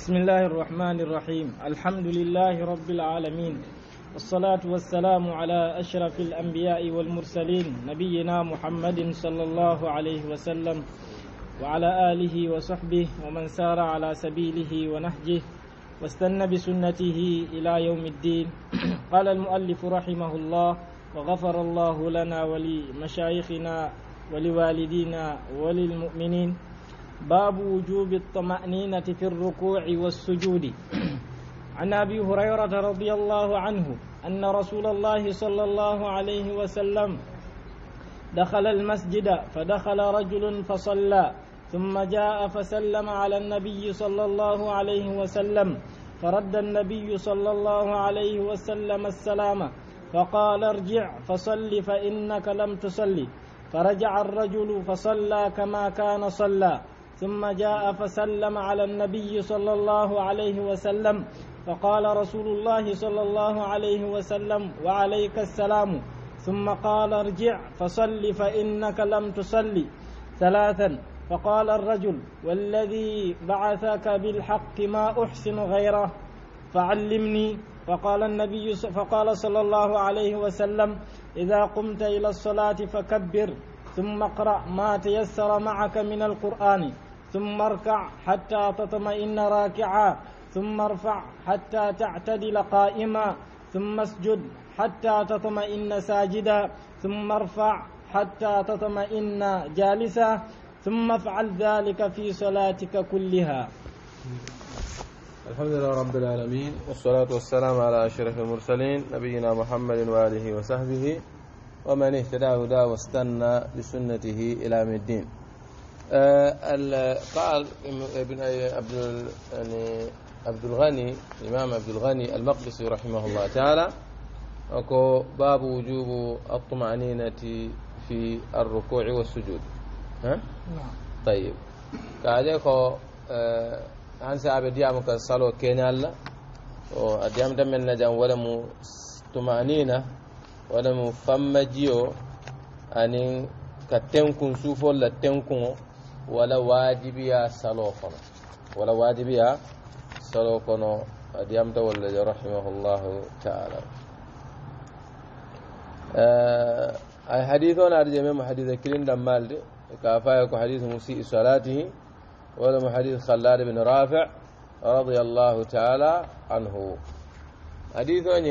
بسم الله الرحمن الرحيم الحمد لله رب العالمين والصلاة والسلام على أشرف الأنبياء والمرسلين نبينا محمد صلى الله عليه وسلم وعلى آله وصحبه ومن سار على سبيله ونهجه واستنى بسنته إلى يوم الدين قال المؤلف رحمه الله وغفر الله لنا ولمشايخنا ولوالدينا وللمؤمنين باب وجوب الطمأنينة في الركوع والسجود عن أبي هريرة رضي الله عنه أن رسول الله صلى الله عليه وسلم دخل المسجد فدخل رجل فصلى ثم جاء فسلم على النبي صلى الله عليه وسلم فرد النبي صلى الله عليه وسلم السلام فقال ارجع فصل فإنك لم تصلي فرجع الرجل فصلى كما كان صلى ثم جاء فسلم على النبي صلى الله عليه وسلم فقال رسول الله صلى الله عليه وسلم وعليك السلام ثم قال ارجع فصل فإنك لم تصلي ثلاثا فقال الرجل والذي بعثك بالحق ما أحسن غيره فعلمني فقال النبي فقال صلى الله عليه وسلم إذا قمت إلى الصلاة فكبر ثم اقرأ ما تيسر معك من القرآن ثم اركع حتى تطمئن راكعا ثم ارفع حتى تعتدل قائما ثم اسجد حتى تطمئن ساجدا ثم ارفع حتى تطمئن جالسا ثم افعل ذلك في صلاتك كلها الحمد لله رب العالمين والصلاة والسلام على أشرف المرسلين نبينا محمد وآله وصحبه ومن اهتدى هداه واستنى بسنته إلى الدين آه، قال ابن عبد يعني عبد الغني الامام عبد الغني المقدسي رحمه الله تعالى اكو باب وجوب الطمأنينة في الركوع والسجود ها؟ نعم طيب قال لك آه، عن سعب ديامك الصلاة كين الله وديام دم النجم ولم طمأنينة ولم فم جيو أن كتنكن سوفو تنكون ولا واجبيا سلوكنا ولا واجبيا سلوكنا ديام تولى رحمه الله تعالى آه، أي حديثون أرجم من حديث كلين دمال كافا يكو حديث مسيء صلاته ولا حديث خلاد بن رافع رضي الله تعالى عنه حديثون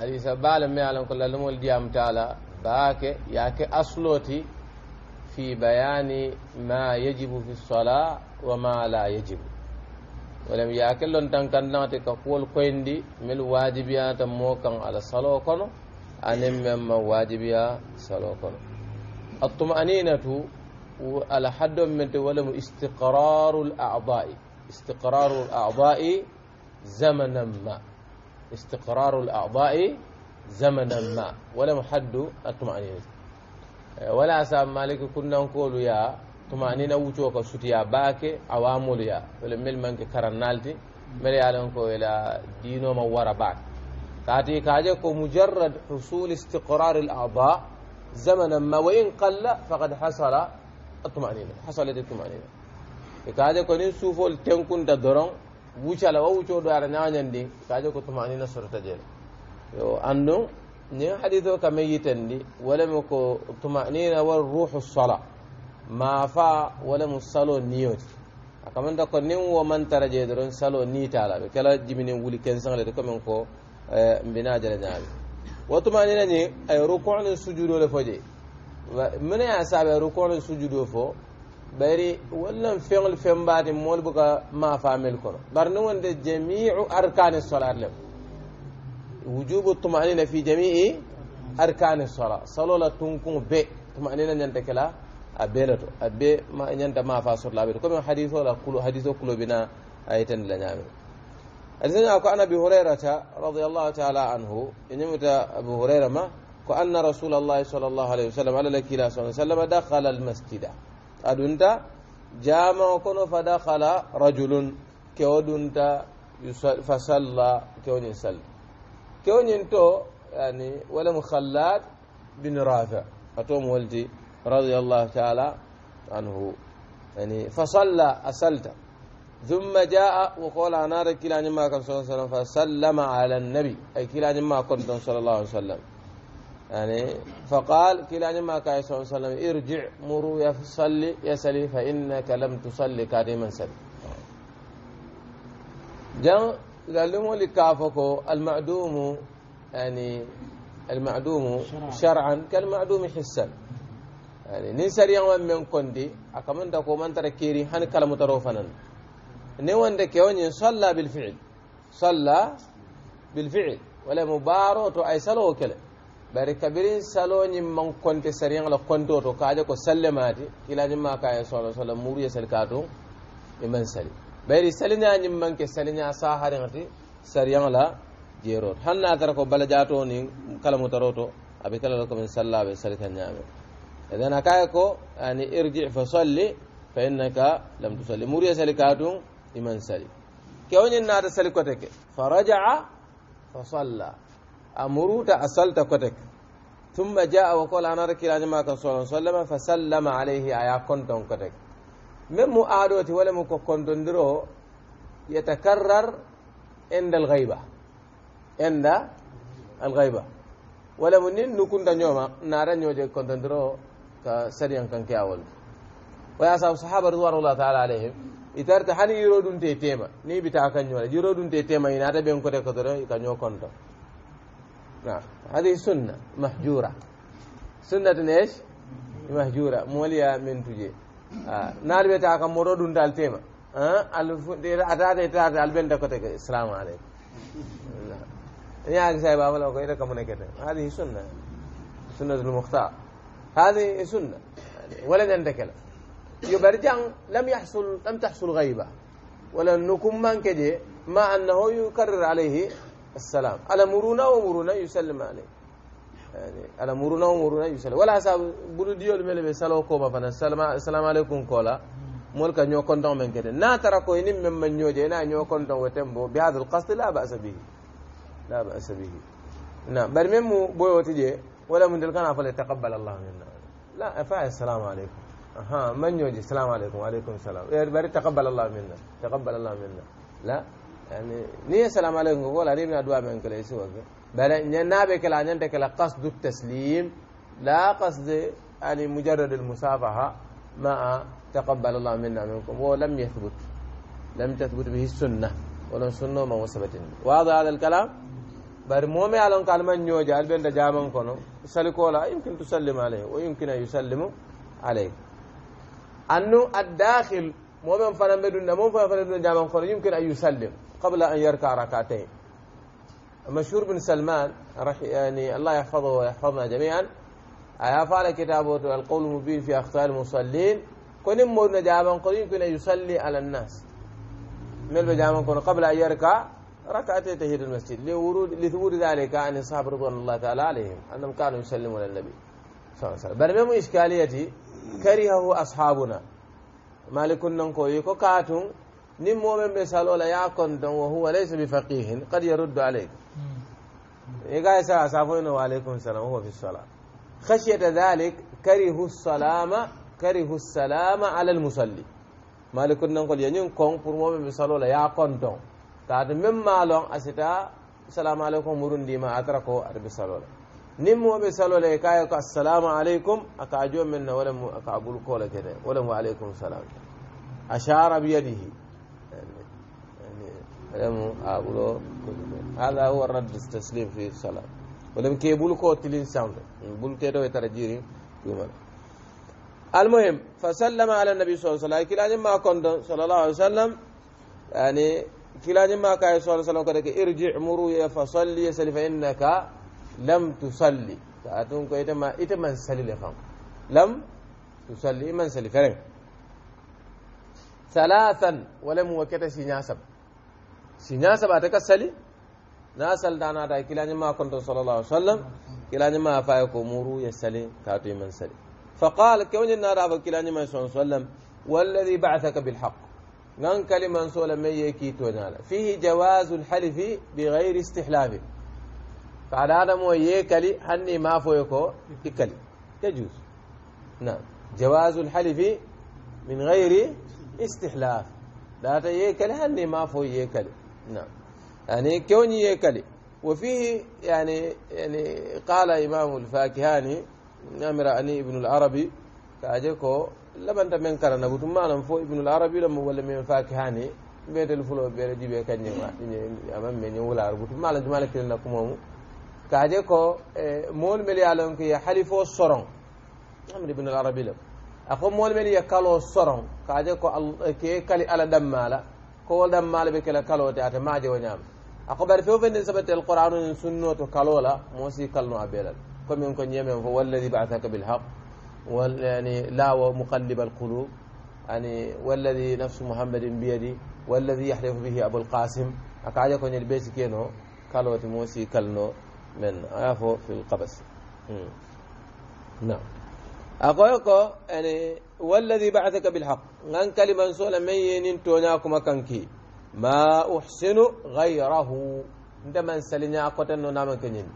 حديث آه، بالم يعلم كل المول ديام تعالى باك ياك أصلوتي في بيان ما يجب في الصلاة وما لا يجب ولم يأكل لن تنكنا تكقول كويندي مل واجبيات موكا على الصلاة كنو أنم من واجبيا صلاة كنو الطمأنينة على حد من تولم استقرار الأعضاء استقرار الأعضاء زمنا ما استقرار الأعضاء زمنا ما ولم حد الطمأنينة wala sa maliki kundankolu ya tumanina wucoka sutiya baake awamolu ya wala mel manke karannalti mbeɗa yalon ko wela dinoma wara baake kaati kaje ko mujarrad husul istiqrar al ada zamanan ma wa in qalla faqad hasala atmanina hasalat atmanina e kaje ko nin suufol tenkunta doron wucala wa wucoɗo ara nañandi kaje ko tumanina sorota jeela yo andon nin hadito kame yitendi walemu ko tumanina wal ruhu sala ma fa walemu salo niyoti akamanta ko nin wo man taraje doron salo nitala be kala jiminin wuli kensaglete commin ko e, mbina jala ñaami wo tumanina ni ay e, rukunin sujudole fo je mine ya sabe rukunin sujudo fo bari wallan feŋol fembaati moolu buka ma famel kono bar ni wonde jamiu arkani solat lem وجوب الطمأنينة في جميع أركان الصلاة صلاة تنكون بي طمأنينة ننتك لا أبيلتو أبي ما ننت ما فاسر لا بيتو كم حديث ولا كل حديث كل بنا أيتن لنعم أذن أكو أنا أبي هريرة رضي الله تعالى عنه إن أبو هريرة ما كأن رسول الله صلى الله عليه وسلم على لك صلى الله عليه وسلم دخل المسجد أدونتا جامع كنو فدخل رجل كودنت فصلى كون يصلي كونين تو يعني ولا خلاد بن رافع أتوم ولدي رضي الله تعالى عنه يعني فصلى أسلت ثم جاء وقال أنا ركلا ما كان صلى الله عليه وسلم فسلم على النبي أي كلا ما كنت صلى الله عليه وسلم يعني فقال كلا ما كان صلى الله عليه وسلم ارجع مروا يصلي يسلي فإنك لم تصلي كريما سلي جاء لعلمه لكافكو المعدوم يعني المعدوم شرعا, شرعا كالمعدوم حسا يعني نسر يوم من كندي أكمن دكو من تركيري هن كلام تروفنا نوان دكيوني صلى بالفعل صلى بالفعل ولا مبارو تو أي سلو كلا bari kabirin saloñin man konte sariyan la konto to kaaje ko sallemati kilañin ma kayen solo solo muru ye sali ka to bayri saliña ñimmanke saliña ngati sariyaŋo la jero hanna na tara ko balajato ni kala mu taroto, abi tala la min salla be salita nyame eden a ko ani irji fa salli fa innaka lam tusalli muriya sali iman sali kewñin naata sali kote ke fa rajaa fa salla a ta a ko kote ke ثم جاء وقال انا ركي راجما كان صلى الله عليه وسلم aya عليه ايا كنتم من مؤادوتي ولا مكوكون يتكرر عند الغيبة عند الغيبة ولا منين نكون دنيوما نارا نيوجي كون كسريان كان كياول ويا صحابة رضوان الله تعالى عليهم إتارت حني يرودون تي تيما ني بتاع كان يولا يرودون تي تيما ينادى بيون كده كتره كان يو كون هذه سنة محجورة سنة إيش محجورة مولية من تجيه naal ɓe ta kam moɗo ɗum dal tema atata tata alɓen dakote ke salamu aleykum يعني سايب عمل أو غيره كمان هذه سنة سنة المختار هذه سنة ولا عندك لا يبرجع لم يحصل لم تحصل غيبة ولا نكون من كده ما أنه يكرر عليه السلام على مرونة ومرونة يسلم عليه ala muruna o muruna yu sala wala sa bulu diyol mele be salo ko ma fana salama assalamu alaikum kola mol ka nyo konton men kede na tara ko ni mem man nyoje na nyo konton wotem bo bi hadal qasd la ba'sa bihi la ba'sa bihi na bar memu boyoti je wala mun dal kana fa la taqabbal allah minna لا فا السلام عليكم ها من يوجي السلام عليكم وعليكم السلام بري تقبل الله منا تقبل الله منا لا يعني نية السلام عليكم ولا ريبنا دعاء من كل يسوع بل ان نابك لا ننتك قصد التسليم لا قصد يعني مجرد المسافحة ما تقبل الله منا منكم ولم يثبت لم تثبت به السنة ولا سنة ما وثبت واضح هذا الكلام بر مومي على كلمة نيوجا البن جامن كونو لا يمكن تسلم عليه ويمكن أن يسلم عليه أنه الداخل مومن بدون مومن بدون جامن كونو يمكن أن يسلم قبل أن يركع ركعتين مشهور بن سلمان رح يعني الله يحفظه ويحفظنا جميعا فعل كتابه القول المبين في أخطاء المصلين كن مورنا جابان قرين كن يصلي على الناس مل بجابا كن قبل أن يركع ركعتي تهيد المسجد لورود لثبوت ذلك عن الصحابة رضوان الله تعالى عليهم أنهم كانوا يسلمون النبي صلى الله عليه وسلم برمم إشكاليتي كرهه أصحابنا مالك ننكو كاتم نم مؤمن بيسال ولا يعقل وهو ليس بفقيه قد يرد عليك إيقا سلام سافوين وعليكم السلام وهو في الصلاة خشية ذلك كره السلام كره السلام على المصلي ما مالك نقول ينين كون pour مؤمن بيسال ولا يعقل دون تاد مم مالون أستا السلام عليكم مرون ديما أتركو أربي الصلاة نمو مؤمن صلى الله عليه وسلم السلام عليكم أكاجو من ولا أكابل كولا كده ولا وعليكم السلام أشار بيده يمو أبلو هذا هو الرد التسليم في الصلاة ولم كي كو تلين ساوند بولتيرو يترجيري المهم فسلم على النبي صلى الله عليه وسلم كلا ما كنت صلى الله عليه وسلم يعني كلا ما كان صلى الله عليه وسلم كذلك ارجع مروا فصلي يسلي فإنك لم تصلي فأتون كو كيتما إتما سلي لفهم لم تصلي من سلي فرن ثلاثا ولم وكتسي ناسب siña saɓata ka sali na saldanata kilañima konto sallallah alih w sallam kilañima faye ko muru ye sali katu iman sali fa qal kewñinnaɗa fo kilañima son sallam walladi bathaka bilhaq nan kaliman sola men ye kitoñala fihi jawasu lhalifi bigayri istihlafi kaɗaɗamo ye kali hanni ma foye ko i kali يجوز نعم جواز الحلف من غير استحلاف لا تيكل هني ما فو يكل نعم يعني كوني يكلي وفيه يعني يعني قال إمام الفاكهاني أمراني ابن العربي لما أنت من كرنا بتم ما فو ابن العربي لما ولا من فاكهاني بيت الفلو بيت جيبه كني ما يعني أمام مني ولا عربي ما لنت مالك لنا كمامو كأجيكو إيه، مول ملي عليهم كي حلفوا الصرّن أمر ابن العربي لب أخو مول ملي يكالو الصرّن كأجيكو كي كلي على دم ماله كول دم مال بك لا كلو تي اتما جي ونيام اكبر فيو فين سبت القران والسنه تو كلولا موسي كلنو ابيل كوم يونكو نيمي هو والذي بعثك بالحق وال يعني لا ومقلب القلوب يعني والذي نفس محمد بيدي والذي يحلف به ابو القاسم اكاجي كون البيس كينو كلو موسي كلنو من عفو في القبس نعم أقولك أنا يعني، والذي بعثك بالحق نان كلمة سولا مين توناكما كنكي ما أحسن غيره عندما سلنا قتن نام كنين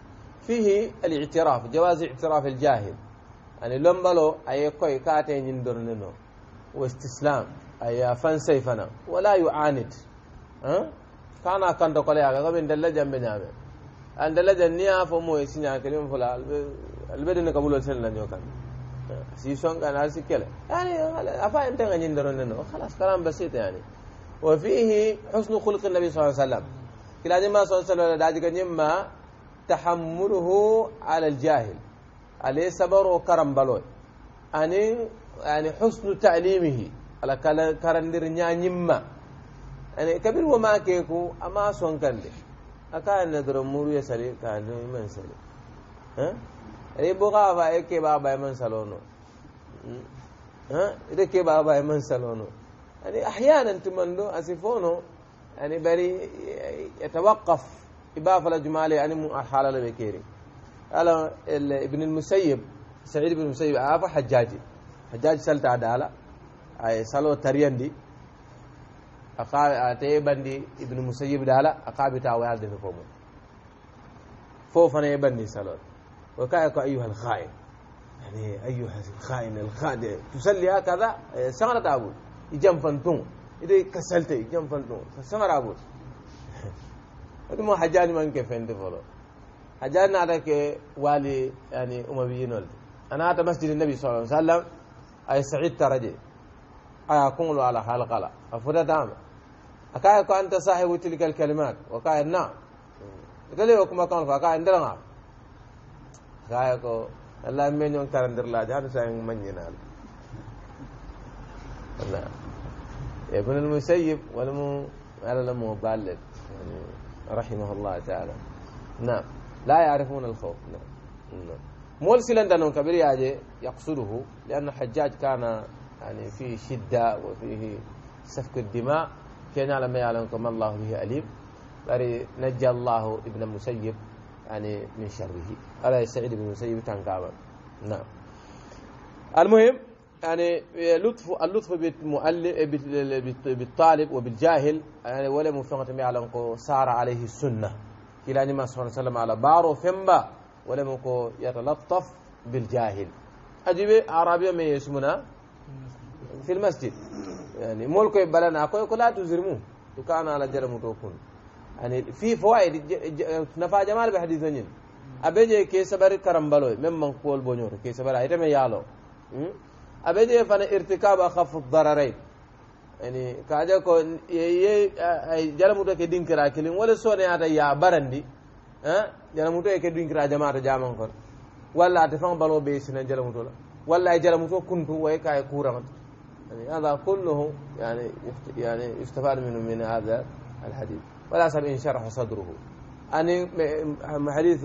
فيه الاعتراف جواز اعتراف الجاهل أنا يعني لم بلو أي كوي كاتين يندرنه واستسلام أي فن سيفنا ولا يعاند أه؟ كان كان يا هذا قبل دلة جنب جامع أن دلة جنيا فمو يسني عن فلا البدن قبول سلنا نيوكان سيسون قال هالسي كلا يعني أفا أنت غنين درون خلاص كلام بسيط يعني وفيه حسن خلق النبي صلى الله عليه وسلم كلا دي ما صلى الله عليه وسلم دادي ما تحمله على الجاهل عليه صبر وكرم بلوي أني يعني،, يعني حسن تعليمه على كرندر نيما يعني كبير وما كيكو أما سون كندي أكان ندر موري يسلي كان من سلي ها ribuka ba e يعني احيانا تمندو اسيفونو يعني بري يتوقف إبافة الأجمال يعني الحالة البكيري قال ابن المسيب سعيد بن المسيب عافا حجاجي حجاج سلت عدالة أي سلو تريندي أقا تيبندي ابن المسيب دالة أقابي تاوي هذا فوق فوفنا يبندي سلوت وكاك أيها الخائن يعني أيها الخائن الخادع تسلي هكذا إيه، سمرة أبو يجم فنتون إذا كسلت يجم فنتون سمرة أبو هذا ما حجاني من كيف عندي فلو حجاني يعني هذا كوالي يعني أمبيين ولد أنا أتى مسجد النبي صلى الله عليه وسلم أي سعيد ترجي أي أكون على حلقة لا أفرد دام أكاك أنت صاحب تلك الكلمات وكاك نعم قال لي وكما كان فكاي ندرنا نعم. kaya ko alla me ñon karandirlaaji hade sa maññinaala wala ibn almusayib wala mu ala la mo ballet رحمه الله تعالى نعم لا يعرفون الخوف نعم نعم مول سلندن كبير ياجي يقصده لأن الحجاج كان يعني فيه شدة وفيه سفك الدماء كان لما يعلمكم الله به أليم بري نجى الله ابن مسيب يعني من شره على سعيد بن المسيب تنقابا نعم المهم يعني لطف اللطف بالمؤلف بالطالب وبالجاهل يعني ولا مفهمة يعلم سار عليه السنة كلا ما صلى الله عليه وسلم على بارو فيمبا ولا مكو يتلطف بالجاهل أجيب عربي ما يسمونا في المسجد يعني مولكو بلنا أكو لا تزرمو كان على جرمو توكون يعني في فوائد نفع جمال بحديثين abe je ke sabari karambalo mem man kuwol boñoto ke sabari a itame yaalo hmm? abe je fana irticabe ahafu dararain ani ka kaje ko ye ay jalamuto ke dinkira kilin wala soneyata ya barandi jalamuto ke dinkira jamaata jaman kon walla ate fan balo be sina jalamuto la walla ay jalamuto kuntu way ka e kuramata يعني هذا yani يعني يعني يستفاد منه من هذا wala ولا in شرح sadruhu أني حديث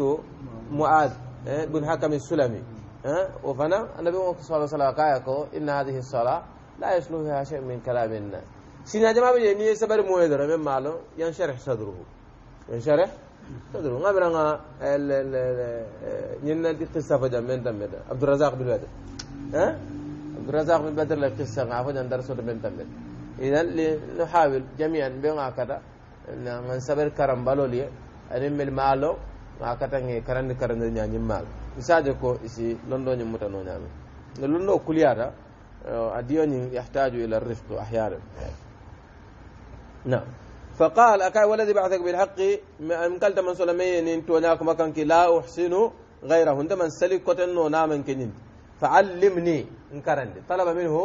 معاذ إيه، بن حكم السلمي إيه، وفنا النبي صلى الله عليه وسلم قال إن هذه الصلاة لا يسلو فيها شيء من كلام الناس سينا جماعة بيجي بجيني سبر مويدر من معلو ينشرح صدره ينشرح صدره ما برنا إيه، ال ال ال دي قصة فجأة من دم عبد الرزاق بن بدر ها عبد الرزاق بن بدر بالبدر القصة عفوا درس من دم إذا لنحاول جميعا بما كذا من سبر كرم بالوليه anin mil maalo ma katange karandi karandi ñañim maalo isaje ko isi londoñim mutano ñaami no londo kuliyata eh, a diyoñin yahtaju ila rifqe ahyanan nam فقال أكاي والذي بعثك بالحق من قلت من سلمين إن توناك مكانك لا أحسن غيره عندما سلك كتنو نامن كنين فعلمني انكرند طلب منه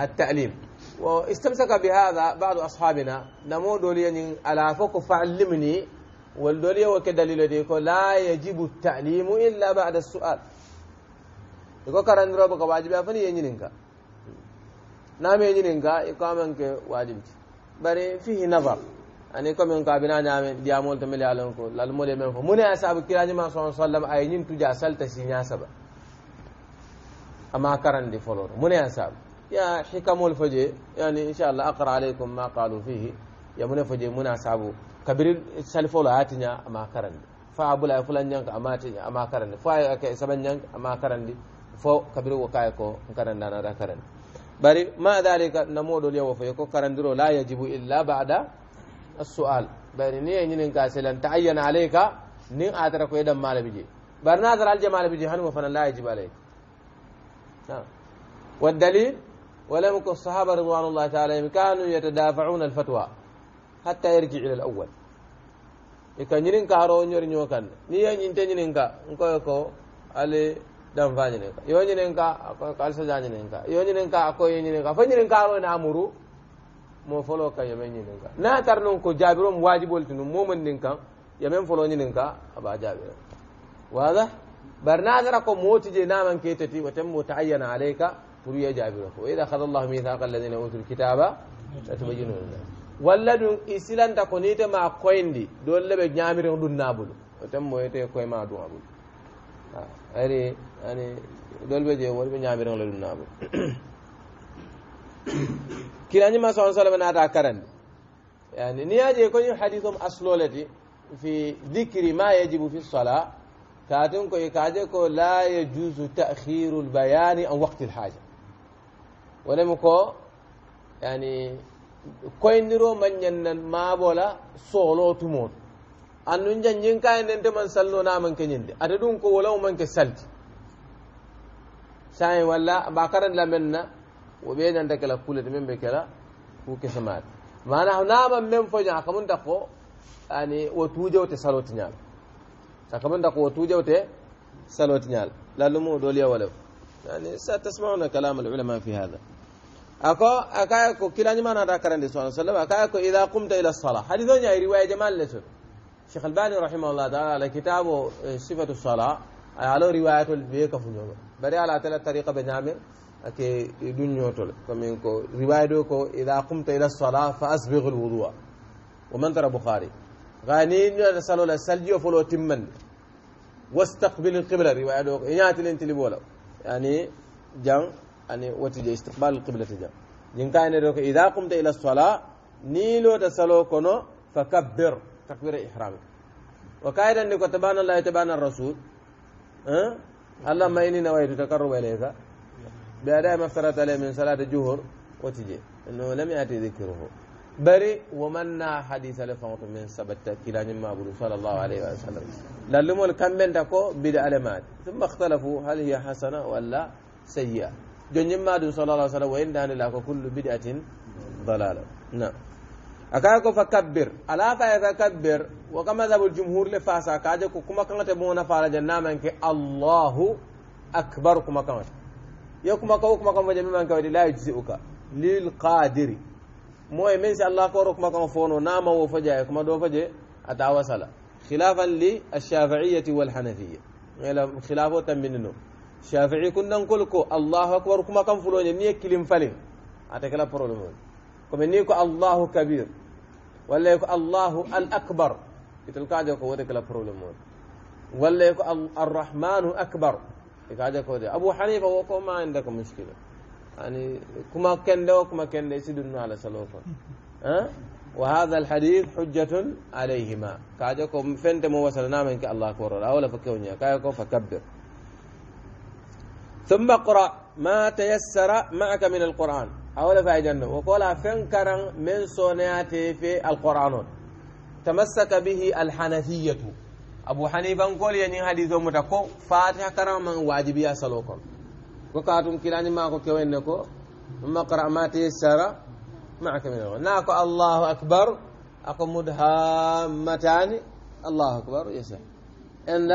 التعليم واستمسك بهذا بعض أصحابنا نمو دوليا على فوق فعلمني والدولية وكدليل ديكو لا يجب التعليم إلا بعد السؤال يقول كرن ربك واجب أفني ينينك نام ينينك إقامنك واجب بري فيه نظر أنا كم يوم كابينا نام ديامول تملي عليهمكو للمولى من هو من أصحاب كيراني ما صلى الله عليه وسلم أينين تجا سل تسينيا سبا أما كرن دي فلور من أصحاب يا حكم الفجر يعني إن شاء الله أقرأ عليكم ما قالوا فيه يا من الفجر من أصحابه kabiri salifolo ayati ña ama karandi fa abula e fulan ñanka amati ama karandi fo ake saban ñanka ama karandi fo kabiri wo kaye ko karandi anata karandi bari ma dalika namoɗol yawo foye ko karandiro la yajibu illa bada assual bari ni e ñinin ka selan ta ayyana alayka nin atara koye ɗam malabi je bari na atara alje malabi je hanmo fana la yajibu alayka والدليل ولم يكن الصحابة رضوان الله تعالى كانوا يتدافعون الفتوى حتى يرجع إلى الأول ika ñinin kaaro ñori ñoo kan ni ye ñinte ñinin ka nkoye ko ali danfa ñinin ka yo ñinin ka akoye ko alisaja ñinin ka yo ñinin ka akoye ñinin ka fo ñinin kaaro na amuru mo folo ka yame ñinin ka na tar non ko jaabiro mo waajibol tinu momon nin kan yame folo ñinin ka aba jabiro wala bari na tara ko mooti je naman ke tati wa temmo taayyana alayka pour ye jabiro ko wa ida akhada allahu mithaqa alladina ta lkitaba latubayyinuna nuna. walla ɗum isilanta ko ni tema koyndi dolle ɓe ñaamiren ɗum nabulu o tem moyete koye ma duŋa bulu ari ani dolɓe je woni ɓe ñaamirenle ɗum naabulu kirañima sa sallam naata karande yani ni yaje koñum hadis om asloleti fi dhikri ma yajibu fi sola katin koye kaje ko la yajuzu ta'khirul bayani an waqti haja wonemi ko yani koyndiro manyan nan maabola sooloo tumoto annun jan jin nan nente man sallo na man ñinde de adadun ko wala man ke salti sayin walla ba karan lamen na wo nan da kela kulete men ɓe kela ku samat mana naman men nya kamun da ko ani wo tujewte salotiñal hakamun ta ko wo tujewte salotiñal lallumu ɗoliya wala ani sa tasmauna kalama ulama fi hadha أكو أكايكو كلا ما نرى كرن صلى الله عليه وسلم أكايكو إذا قمت إلى الصلاة حديث يعني رواية جمال لسر شيخ الباني رحمه الله تعالى على كتابه صفة الصلاة على رواية الفيك فنوبة بري على تلك الطريقة بنعمل أكي دنيوتل كمينكو روايتكو إذا قمت إلى الصلاة فأسبغ الوضوء ومن ترى بخاري غاني نسأل الله سلجي فلو تمن واستقبل القبلة رواية إنات الانتلي بولا يعني جان أن وتجي استقبال القبلة جا جنك أنا إذا قمت إلى الصلاة نيلو تسلو كنو فكبر تكبير إحرامك وكايدا نكو تبان الله تبان الرسول ها أه؟ اللهم إني نويت تقرب إليك بأداء ما افترضت عليه من صلاة الجهر وتجي إنه لم يأتي ذكره بري ومنا حديث لفوت من سبت كلا مما أقول صلى الله عليه وسلم للمول كم من تكو بدأ ثم اختلفوا هل هي حسنة ولا سيئة جن ما دون صلى الله عليه وسلم وإن دان لك كل بدعة ضلالة نعم أكاك فكبر ألا فكبر وكما ذهب الجمهور لفاسا كاجك كما كان تبون فعل جنة من كي الله أكبر كما كان يا كما كان كما كان جميع من كي لا يجزئك للقادر موي من سي الله كور كما كان فونو ناما وفجا كما دو فجا أتا وصل خلافا للشافعية والحنفية خلافة من النوم shafi'i kunnan kolko allahu akbar kuma kan fuloñe ni ye kilim falin ata kela probléme comme ni ko allahu kabir walla ko allahu al akbar itel kajo ko wote kela probléme on walla ko arrahmanu akbar e kajo ko de abou hanifa wo ko ma inde ko muskila يعني كما كان لو كما كان يسدون على سلوفا أه؟ وهذا الحديث حجة عليهما كاجكم فنتم وصلنا منك الله أكبر أولا فكونيا كاجكم فكبر ثم اقرأ ما تيسر معك من القرآن أولا فايدنا وقال فنكرا من صنعته في القرآن تمسك به الحنفية أبو حنيفة قال يعني حديث متكو فاتح كرام يا سلوكم وقاتم كلاني ما أقول كوينكو ثم اقرأ ما تيسر معك من القرآن ناكو الله أكبر أكو مدهامتان الله أكبر يسر عند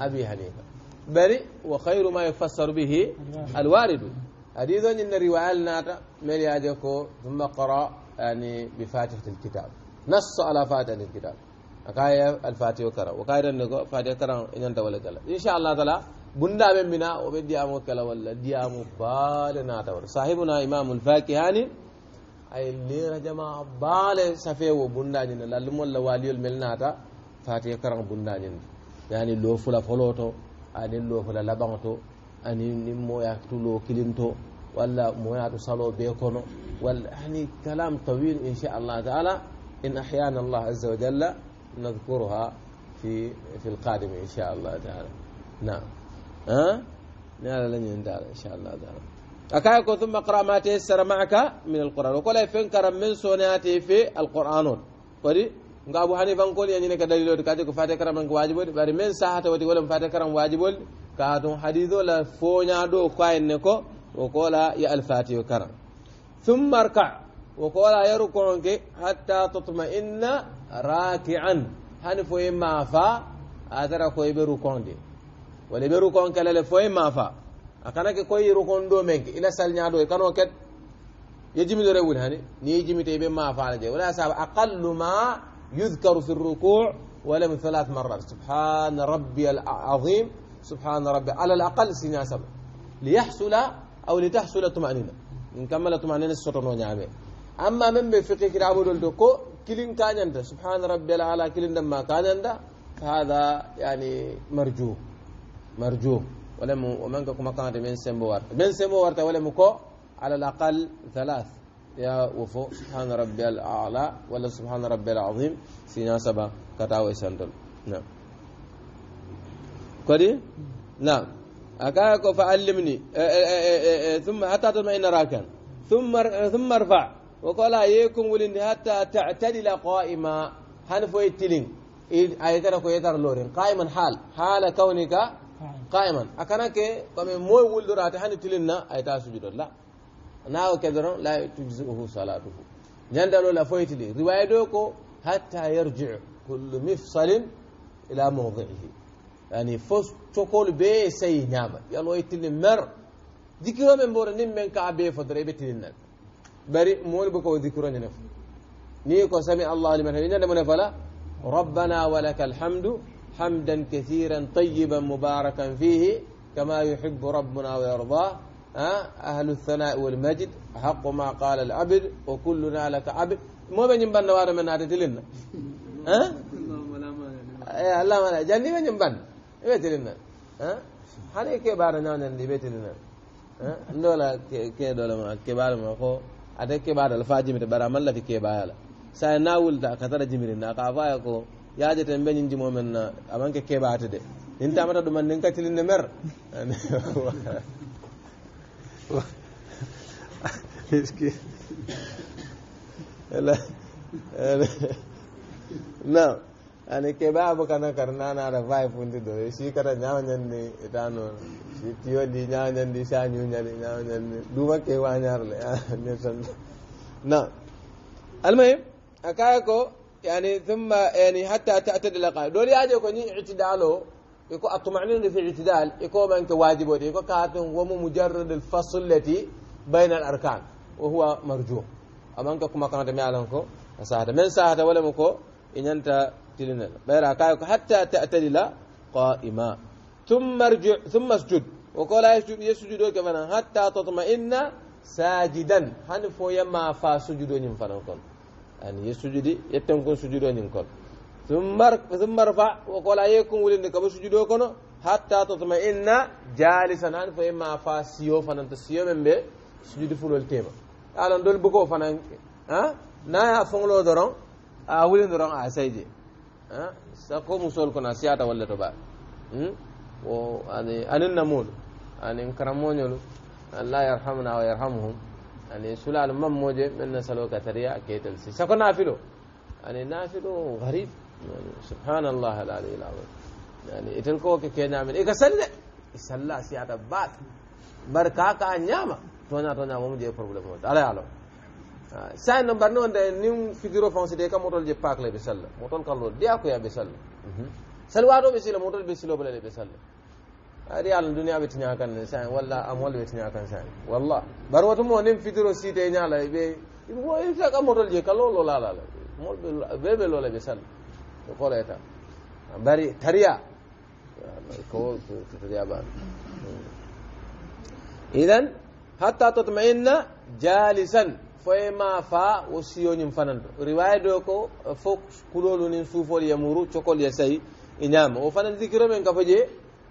أبي حنيفة bari wa khayru ma yufassaru bihi alwaridu hadiso ñinna riwayal naata mel yaaje ko thumma qara yani bi fatihati alkitab nasso ala fatihati alkitab akaya alfatiho kara wo kayitande ko fatiha karan ñanta wala kala inchallah taala bundaɓe mbina oɓe diyamo kala walla diyamo baale naata wala sahibuna imamu lfakihani ay lera jama baale safe wo bundañinna lallumol la waliyol mel naata fatiha karan bundañinna yani lo fula foloto anin lo fula labaŋo to ani nin moya tulo kilin to walla moya to salo bee kono walla hani kalam tawil inchallah taala in ahyana allah aza wa jalla nadkuruha في في القادم ان شاء الله تعالى نعم ها نال لن تعالى ان شاء الله تعالى أكايكو ثم اقرأ ما تيسر معك من القرآن وقال فين كرم من سوناتي في القرآن قولي nga abu hanifa nkoli yañine ka dalilode kate ko fate karam tan ko bari ɓari min sahata wati wolem fate karam wajibolde ka ton hadis o la foñaɗo kayenne ko wo kola ya alfatiho karam thumma arka wo kola yarukonke hatta tatmainna rakian hani foye mafa atara koye ɓe rukonde wala ɓe rukonke lale foye mafa a kanake koye rukon ɗo menke ila salñaɗo e kano ket ye do wuli hani ni jimite ɓe mafa ala je wala saba aqallu ma يذكر في الركوع ولا من ثلاث مرات سبحان ربي العظيم سبحان ربي على الأقل سنة سبع ليحصل أو لتحصل طمأنينة نكمل طمأنينة السر ونعمة أما من بفقه كلاب الدكو كلين كان عنده سبحان ربي الأعلى كلين لما كان عنده فهذا يعني مرجو مرجو ولم ومن كما كان من سموار من سموار ولم كو على الأقل ثلاث يا وفو سبحان ربي الأعلى ولا سبحان ربي العظيم في ناسبة كتاوي سندل نعم كدي نعم أكاك فعلمني إيه، إيه، إيه، ثم حتى تطمئن راكان ثم ثم ارفع وقال إيكم ولن حتى تعتدل قائما هنفو التلين أي كان كو يتر لورين قائما حال حال كونك قائما أكنك كم مو ولدرات راتي هن تلين أي تاسو جدول لا ناو كذرون لا تجزئه صلاته جندلو لفويت لي روايدوكو حتى يرجع كل مفصل إلى موضعه يعني فوس تقول بي سي نعم يلو يتلي مر ذكره من بورا نم من كعبه فدري بتلي نعم بري مول بكو ذكره نعم نيكو سمع الله لمن هل نعم نفلا ربنا ولك الحمد حمدا كثيرا طيبا مباركا فيه كما يحب ربنا ويرضاه أهل الثناء والمجد حق ما قال العبد وكلنا لك عبد مو بنجم بنا وانا من أتتلنا ها أه؟ لا ما جاني بنجم بنا لنا ها هني كبار نانا اللي بيت لنا ها دولا كي دولا ما كبار ما هو هذا كبار الفاجي مت برا ملا في كبار لا na wulta ka tara jimirin na ka faya ko ya je tambayin jin jimomin na aman ka ke ba ta de in es que इसकी na ani ke ba abu kana karna na da vai punti do shi kara nyawa nyandi itano shi tiyo di nyawa nyandi sha nyu nyandi nyawa nyandi duma ke wa nyar le ah, ne san na almai akaya ko yani thumma yani hatta ta'tadil qaid dole aje ko ni i'tidalo يكون الطمأنينة في الاعتدال يكون يكو واجب ودي يكون كاتن هو مجرد الفصل التي بين الأركان وهو مرجو أما أنك كما كانت ميالنكو ساعة من ساعة ولا مكو إن أنت تلين بيرا كايكو حتى لا قائما ثم ارجع ثم اسجد وقال يسجد يسجد كمان حتى تطمئن ساجدا هنفو يما فاسجدون فنكون أن يعني يسجد يتنكون سجدون كون ثم ارفع وقل عليكم ولن كبر سجودكم حتى تطمئن جالسا ان فيما فاسيو فننت سيو من به سجود فلول تيما الان دول بكو فنان ها نا فونلو درون اولين درون اسيدي ها سكو مسول كنا سياتا ولا تبا ام واني ان النمول ان كرمونيل الله يرحمنا ويرحمهم يعني سلال مم موجب من سلوك تريا كيتل سكو نافلو يعني نافلو غريب yani subhanallah alali lazim yani itin ko ke kenya min ika salle isalla si ata bat barka ka nyama tonya tonya mo je problem mo ala yalo sai no barno onde nim figuro fonsi de ka motol je pak le يا motol kallo dia ko ya bisal salwato be sila motol be silo bele bisal ari ala duniya be tinya kan sai walla am walla be tinya kan sai walla barwato mo nim figuro si de nyala لا ibo isa ka motol je kallo lo They call it a very thariya. Cold thariya ban. Idan hatta tatma'inna jalisan foyema fa wo siyoñum fananto riwaya do ko fo kulolu nin suufol yamuru cokol ya sayi i ñaama wo fanan zikiro men kafo je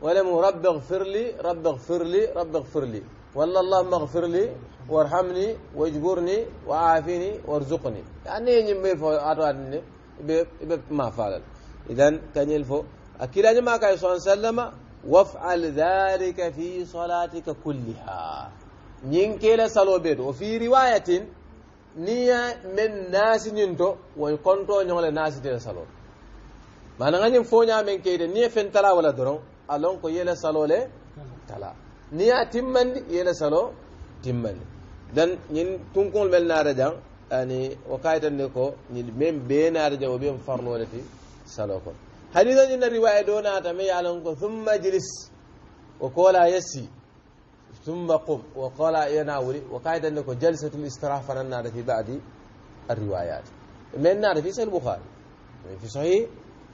walemu rabbi gfirli rabbi gfirli rabbi gfirli walla allahuma gfirli warhamni wajburni wa afini warzuqni anne ye ñim ɓey fo ato atinde ibe ma falal idan kañel fo a kirañoma ka e son sallama wafal dhalika fi solatika kulliha ñin kela saloɓe to o fi riwaya tin niya men nasiñinto wo konto ñogle nasitele salo mana ganin foña men keyde niya fen tala wala doron alon ko yele salole tala niya timmandi yele salo timmandi dan ñin tunkol mel nara jang ani wo kayitande ko ñin men beenaata jam o ɓen farnode ti salo kon hadisa ñinna riwaya do naata mi yalon ko summa jilis wo koola yessi summa qum wo koola yana wuri wo kayitande ko jalsatul istirah fanan naata fi badi الروايات من نعرف في البخاري في صحيح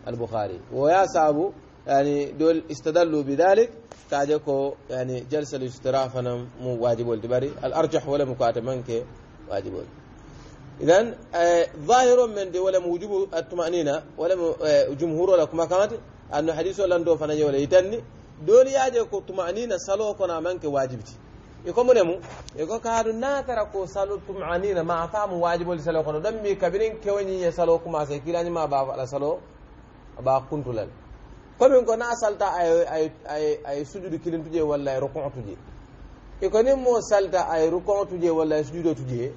البخاري ويا سابو يعني دول استدلوا بذلك تعجكو يعني جلسة الاستراحة مو واجب الدبري الأرجح ولا مكاتب منك واجب الدبري idan vahiro mene wale mu wujubu wale mu jumhuuro wala kuma kamate annua haddiso lando fana yawale itanni doni ya ko tuma salo kona man ke wajibti iko mu ne mu iko kadu na karako salo tuma ma am famu wajibon salo kona don mi kabini kewa nini salo kuma kila an ma ba ala salo ba kuntu ko min ko na salta ay ay ay sudu dukilin tujj wala yaro koɔ tujje iko ni salta ayaro koɔ tujje wala yaro sudu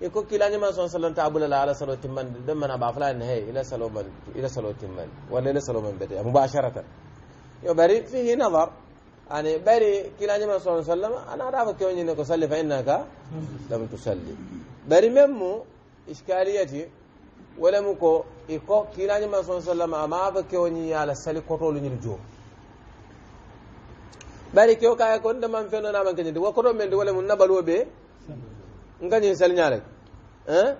e ko ma son salonta abulala ala salo man ɗen mana ɓa fulani hey ila salo ila salo man walla ila salo man bete mubasharatan yo bari fihi nadar ani bari ma son sallam ana aɗafa kewñine ko salli fa innaka lam tusalli bari même mo wale mu ko iko e, ma son sallam ama afa ya ala sali kotoluñil jo. bari man kaya ko ndeman fenonaman keñidi wa koto men de walemu nabaluwo ɓe nka ñin sel hein eh?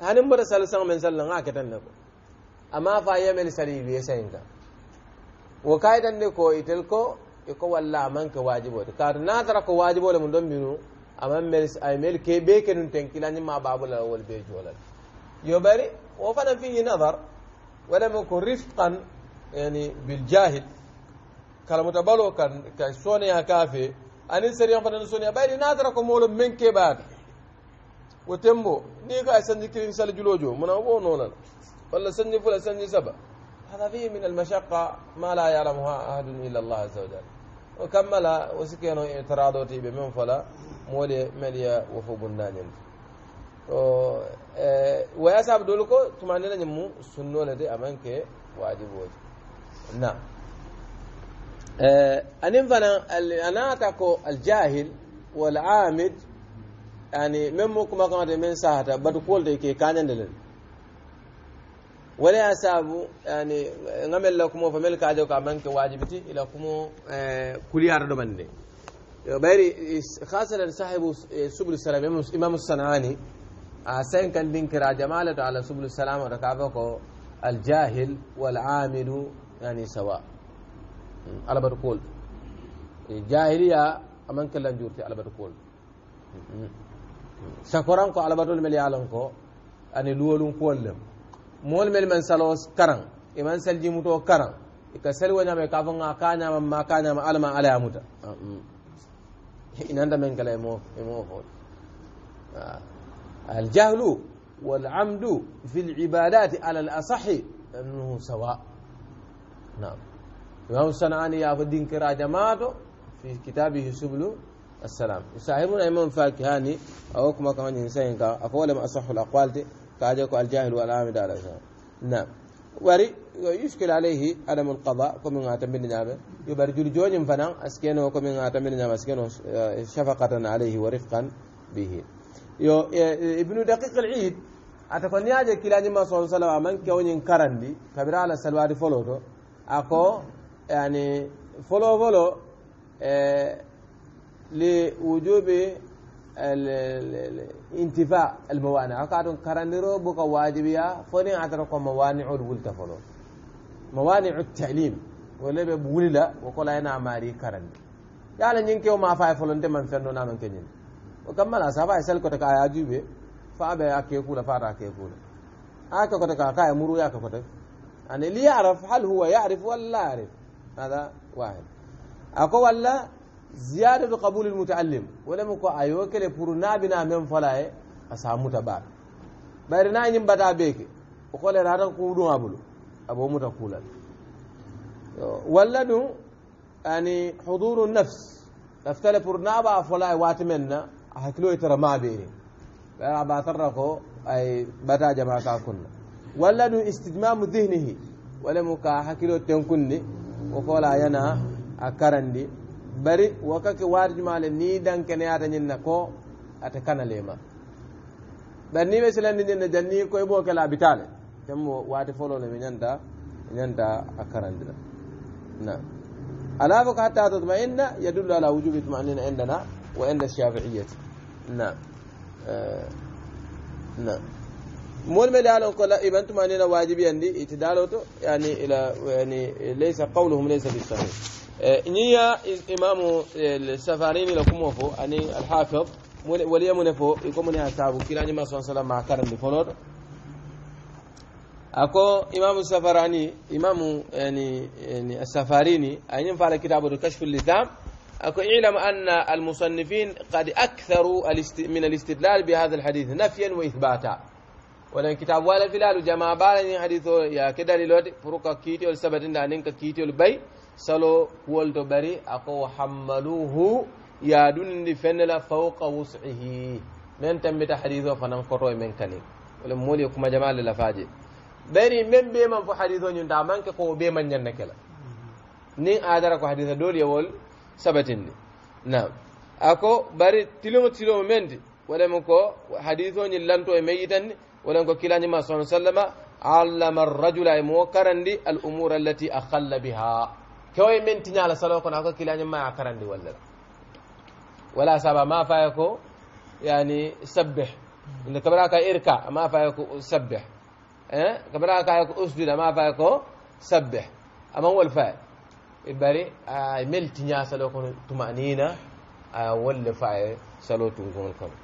hani mo sal sang men sal nga ŋa ketan ne ko amma fa yemel sali biye sayinka wo de ko itel ko iko walla man ke wajibo to kaatu na tara ko wajibo le mun don minu aman mel ay mel ke be ke nun ten kilani ma babu la wol be jola yo bari wo fana fihi nazar wala mo ko rifqan yani bil jahil kala mutabalo kan ka sone ya kafe anin sariyan dan sone bari na tara ko molo men ke baati وتمو نيكا سنجي كرين سال جلوجو من أبو نونا ولا سنجي فلا سنجي سبا هذا فيه من المشقة ما لا يعلمها أحد إلا الله عز وجل وكمل وسكينو تيبي من فلا مولي مليا وفو بندانين آه، ويا ساب دولكو تمانينا نمو سنونة أمانك واجبوتي نعم آه، أنين فانا أنا أتاكو الجاهل والعامد yani men mo kuma kamata men sahata batu kolde ke kañande len wala ya sabu yani ngamel la kumo famel kajo ka manke wajibiti ila kumo kuliyar do mande bayri khasalan sahibu subul salam imam sanani a sayin kan din kira jamalatu ala subul salam da ka ko al jahil wal amilu yani sawa alabar kol jahiliya amankan lan jurti alabar kol sakoranko alabatol mel ye lon ko ani luwolum kuwol lem mool mel man salo karan iman salji muto karan ika sali wañama ka fo ga ka ñama ma ka ñama alama ala ya muta inanta men kala emo emo fool aljahlu والعمد في العبادات على الأصح أنه سواء نعم الإمام الصنعاني يأخذ دين كرا في كتابه سبل السلام يساهمون إمام فاكهاني أو كما كمان إنسان كا أقول ما أصح الأقوال دي كاجاك الجاهل والعامد على السلام نعم وري يشكل عليه عدم القضاء كما يعتمد نعمة يبرجل جوج فنا أسكنه كما يعتمد نعمة أسكنه شفقة عليه ورفقا به يو ابن دقيق العيد أتكون ياجي كلاني ما صلى الله عليه من كون كرندي كبر على سلوار فلوتو أكو يعني فلو فلو آه، لوجوب انتفاء الموانع قاعد كرنرو بوكا واجبيا فني عترق موانع الولت فلو موانع التعليم ولا بقول لا وقول انا ماري كرن يا لن ينكي وما فاي فلون تم من فنو نانو كنين وكمل اسابا يسال كوتا كاي اجيبي فابا اكي كولا فارا اكي كولا اكا كوتا كاي مرو ياك كوتا ان اللي يعني يعرف هل هو يعرف ولا لا يعرف هذا واحد اكو ولا ziyadatu qabuli lmutaallim wolemu ko a yokele pour naabina men fola ye a samuta baake bayri na ñimbata beeke o kolere atan kuuɗum abulu abo muta kuulal walla ɗum ani huduru nafs naftale pour naaba a fola e waati men na a hakkilo ye tara maaɓeerin ɓayra ba tarra ko ay bata jama ka kunna walla ɗum istidmamu dihnihi wolemu ka hakkilo tenkunni o kola yana a karandi bari wakake warjumale ni dankene ata ñinna ko ata kanalema bari ni ɓe silandi ñinna janni koye ɓo kela bitale jammo waati folole mi ñanta ñanta a karandira na ala fo ko hatta tatmainna yadullu ala wujubi tmanina indana wa inda shafiiyati na na مول مليالون كلا إبن تمانين واجب يندي إتدالوتو يعني إلى يعني ليس قولهم ليس بالصحيح آه، نيا إمام آه، السفاريني لكم وفو أني يعني الحافظ ولي منفو يكون من أصحابه كلا يعني ما صلى الله عليه وسلم مع كرم بفلور أكو إمام السفراني إمام يعني يعني السفاريني أين فعل كتابه كشف اللثام أكو اعلم أن المصنفين قد أكثروا من الاستدلال بهذا الحديث نفيا وإثباتا ولكن كتاب ولا فلال جماعة بالني حديثه يا كدليل فرق كيتي والسبت أنك كيتي والبي salo kuwolto bari ako hammaluhu ya yaɗumndi fenela fawqa wusihi men tambita hadise o fanan koto e men kani ole mooli e kuma la e lafaje bari men be man fo hadise o man ke ko be man nyanna kela Ni adara ko hadise dooli e wol sabatindi nam ako bari men tilomo wala mo ko hadise nyi lanto e wala ko kilani ma sallallahu alaihi sallama allama ar-rajula mukarandi al umura allati akhalla biha kewoye men tiñala salo kono ako kilañumma a karandi walla la wala saba ma faye ko yani sabbih nde kabara ka irka ma faye ko sabbih kabara kaye ko usjud ma faye ko sabbih aman wol faye i bari a mel tiña salo kono tumanina a wolle faye salo tungol kono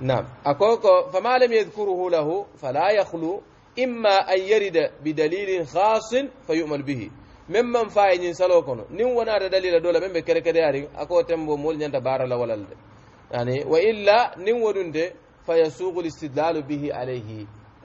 nam ako ko fama lam yadkuruhu lahu fala yahlu imma an yarida bidalilin khasin fa yumal bihi meŋ maŋ fa ye ñiŋ saloo kono niŋ wonaata dalila doo la meŋ be kerekedeyariŋ a ko tembo moolu ñanta baara la walal de ani wa illa niŋ wo dun te fa yasuuku listidlalu bihi alayhi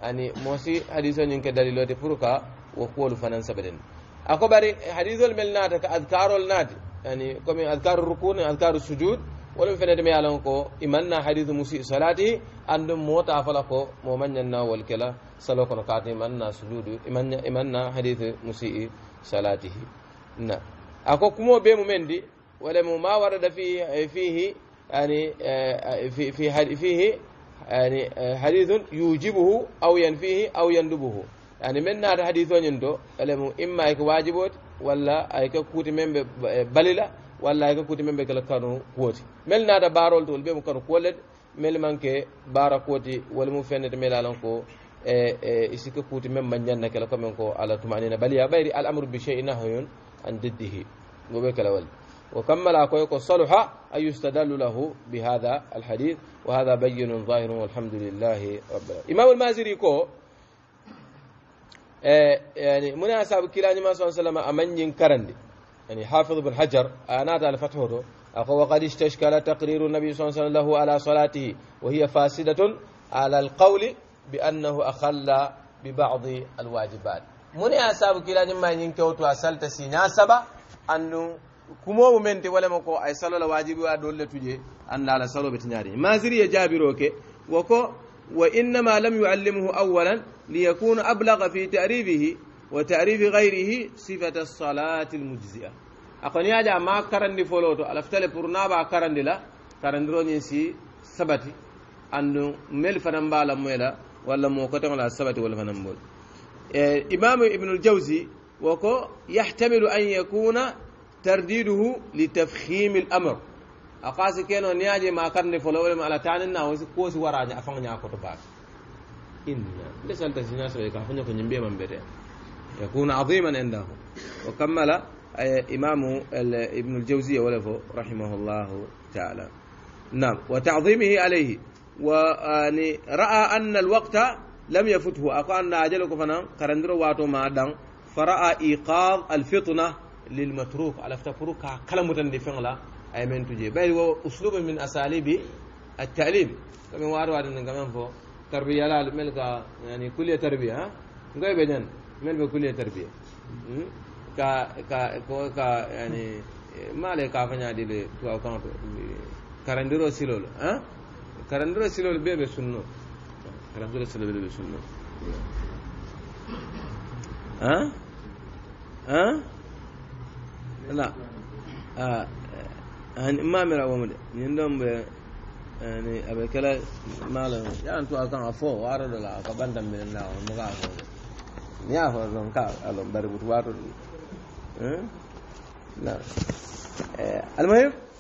ani moosi hadiso ñiŋ ke dalilo te pour ka wo kuwolu fanaŋ sabeden a ko bari hadisol mel naata ka adkarol naati ani comme adkaru ruku ne adkaru sujud wolum fenete mi yalon ko imanna hadisu musi salati andum mota fala ko mo mañanna wol kela salo kono kata imanna suludu imanna hadisu musi salatihi na ako kumo be mumen di wala mu ma warada fi eh, fihi ani eh, eh, fi fi fihi ani hadithun yujibuhu aw yanfihi aw yandubuhu ani men naata hadith o ñin to ele mu imma ayko wajibot walla ayka kuuti men ɓe balila walla ga kuti men kala kanu kuwoti mel naata baarol to wol ɓe mo kanu kuwolle mel manke baara kuwoti wala fenne fennete melalan ko e e isika kuti mem mañanna kela commen ko ala tumanina bal ya bayri al amru bi shay'in nahayun an diddihi goɓe kela walli وكمل أكويك صلح أن يستدل له بهذا الحديث وهذا بين ظاهر والحمد لله رب العالمين إمام المازري كو يعني مناسب كلا نما صلى الله عليه وسلم أمن ينكرن يعني حافظ ابن حجر انا على فتحه وقد استشكل تقرير النبي صلى الله عليه وسلم له على صلاته وهي فاسده على القول بانه اخل ببعض الواجبات من اسابو كلا نما ينكو تو اسلت سينا سبا ان كومو من ولا مكو اي صلى الواجب ودول تجي ان على صلو بتناري ما زري اوكي وكو وانما لم يعلمه اولا ليكون ابلغ في تاريبه وتعريف غيره صفة الصلاة المجزئة أقول يا ياجا ما كرن كرندي فولوتو ألفتل برنابا كرندي لا دروني سي سبتي أنو مل فنمبالا مويلا ولا موكتم على السبت ولا فنمبول إيه، إمام ابن الجوزي وكو يحتمل أن يكون ترديده لتفخيم الأمر أقاسي كينو نياجي ما كرندي فولوتو على تاننا وكوسي وراجع أفنجا كتباك إنا ليس أنت سناسو يكافنجا كنجنبيا من بيتين يكون عظيما عنده وكمل إمام ابن الجوزي ولفه رحمه الله تعالى نعم وتعظيمه عليه وأني رأى أن الوقت لم يفته أقو أن أجلك فنا كرندر واتو ما دان فرأى إيقاظ الفطنة للمتروك على افتفروك كلمة دي فنلا أي من تجي بل وأسلوب من أساليب التعليم كما وارو أدن كمان فو تربية لا ملك يعني كل تربية ها نقول من بكلية تربية ka ka ko ka yani male ka fanya dile to akon karandiro silol ha karandiro silol bebe sunno karandiro silol bebe sunno ha ha la a an imamira wa mude nin don be yani abekala malam ya an to akon afo wa arada la ka bandan min na wa muga afo ni a fɔ sɔn eh? eh, ka alɔn baributuba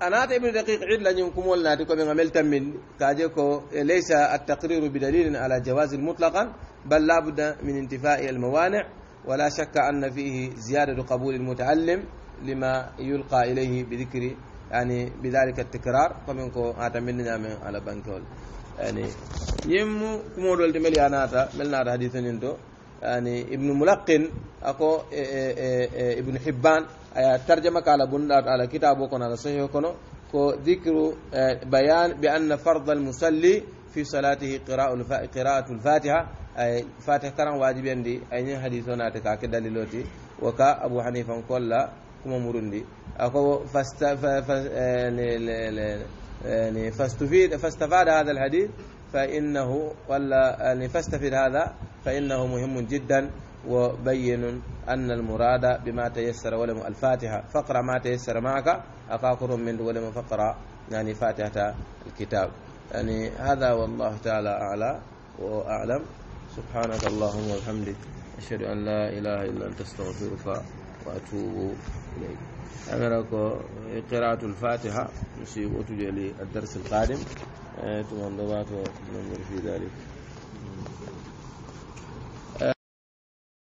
أنا ابن دقيق عيد لن ينكم ولا تكم عمل تمن كاجكو ليس التقرير بدليل على جواز مطلقا بل لا بد من انتفاء الموانع ولا شك أن فيه زيادة قبول المتعلم لما يلقى إليه بذكر يعني بذلك التكرار كمنكو أتمنى من على بنكول يعني يم كمودول تملي أنا ملنا هذا انتو يعني ابن ملقن أكو إيه، إيه، إيه، ابن حبان أي ترجمة على بند على كتابه كون على صحيح كون كو ذكر آه، بيان بأن فرض المصلي في صلاته قراءة قراءة الفاتحة أي فاتحة كرام واجب عندي أي نعم، حديثنا تكاك دليلوتي وكا أبو حنيفة قال كما مرندي أكو فاست يعني، يعني، فاستفاد هذا الحديث فإنه ولا يعني فاستفد هذا فإنه مهم جدا وبين أن المراد بما تيسر ولم الفاتحة فقرأ ما تيسر معك أقاكر من ولم فقرأ يعني فاتحة الكتاب يعني هذا والله تعالى أعلى وأعلم سبحانك اللهم وبحمدك أشهد أن لا إله إلا أنت أستغفرك وأتوب إليك أمرك قراءة الفاتحة نسيب الدرس القادم ايه تمام ده ضبعت ومن في ذلك